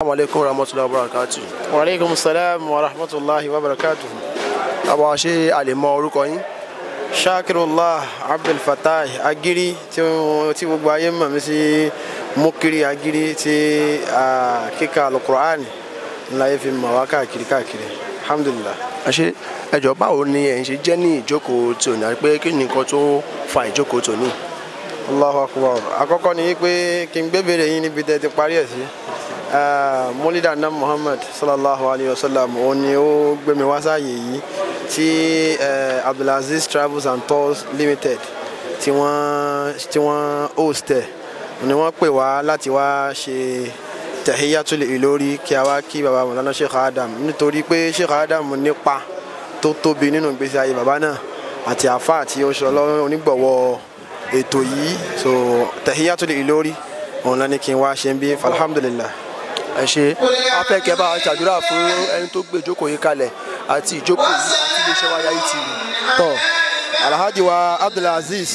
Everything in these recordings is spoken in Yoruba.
Assalamu alaikum warahmatullahi wabarakatuh. Wa alaikum salam wa rahmatullahi wabarakatuh. Àbọ̀ ṣe a lè mọ orúkọ yín. Shakirullah Abdul Fattah Agiri tí gbogbo ayé mọ̀ mí sí Mukiri Agiri tí kíka Al-Qur'an láyé fi mọ̀ wá káàkiri káàkiri. Alhamdulillah. Àṣé ẹjọ́ báwo ni ẹ̀ ń ṣe jẹ́ ní ìjókòó tòní àti pé kí ni nǹkan tó fa ìjókòó tòní? Allahu akbar. Àkọ́kọ́ ni pé kí n gbé bèrè yín níbi tẹ́ ti parí ẹ̀ sí. Ah, mọ́lídà náà Muhammad sallallahu alayhi wa sallam òun ni ó gbé mi wá sáàyè yìí tí eh, Abdulaziz Travels and Tours Limited tí wọ́n tí wọ́n host ẹ̀ ni wọ́n pè wá láti wá ṣe tahiyatul Ilori kí a wá kí baba mọ̀lánà Sheikh Adam nítorí pé Sheikh Adam nípa tó tóbi nínú ìgbésí ayé baba náà àti àfáà tí ó ṣe ọlọ́run onígbọ̀wọ́ ètò yìí so tahiyatul Ilori òun lani kí n wá ṣe ń bí alhamdulillah ẹ ṣe afẹ́kẹ́ bá ṣàdúrà fún ẹni tó gbé ìjókòó yìí kalẹ̀ àti ìjókòó yìí àti iléeṣẹ́ wa Yayi TV. alhaji wa abdulaziz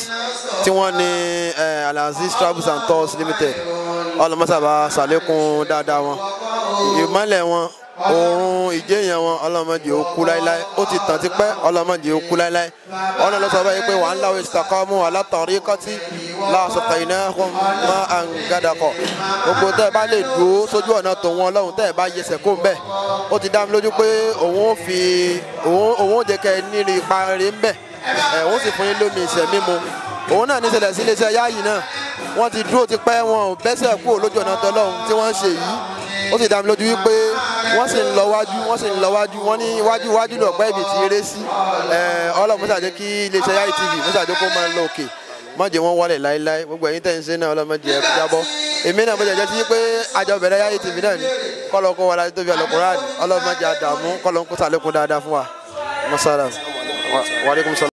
tí wọ́n ní alhaziz travels and tours limited ọlọmọsàbà ṣàlékún dáadáa wọn ìmọ̀lẹ̀ wọn oorun ìjẹyàn wọn ọlọmọdé òkú láéláé ó ti tàn tipẹ́ ọlọmọdé òkú láéláé ọlọmọdé sọ báyìí pé wà ń láwọ ìsìtàkọ́ mú wa látọ̀rí kọ́tí lásọ̀kànnìyàn mọ́ àǹgádàkọ̀ gbogbo tẹ́ bá lè dúró sójú ọ̀nà tòun ọlọ́run tẹ́ bá yẹsẹ̀ kó ń ó ti dá mi lójú pé òun fi òun ó jẹ́ kẹ́ ẹ nírin ń bẹ̀ ẹ̀ òun sì fún yín lómi ìṣẹ̀ mímu òun náà ní ṣẹlẹ̀ sí iléeṣẹ́ yáàyì náà wọ́n ti dúró ti pẹ́ wọn ò bẹ́sẹ̀ kúrò lójú ọ̀nà tọ́lọ́run tí wọ́n ń ṣe yìí ó sì dá mi lójú wípé wọ́n sì ń lọ wájú wọ́n sì ń lọ wájú wọ́n ní wájú wájú lọ̀gbẹ́ ibì tí eré sí ọlọ́run mọ́sàdé kí iléeṣẹ́ yáàyì tv mọ́sàdé kó máa lọ òkè má jẹ́ wọn wálẹ̀ láéláé gbogbo ẹ̀yin tẹ̀ ń ṣe náà ọlọ́mọ jẹ́ jábọ́ èmi náà mo jẹ́ jẹ́ sí pé àjọ bẹ̀rẹ̀ yáyé tèmi náà ni kọ́lọ́ kó wa láti tóbi àlọ́kùnrin ọlọ́mọ jẹ́ àdààmú kọ́lọ́ kó sàlékún dáadáa fún wa. wàlẹ́kùn sọ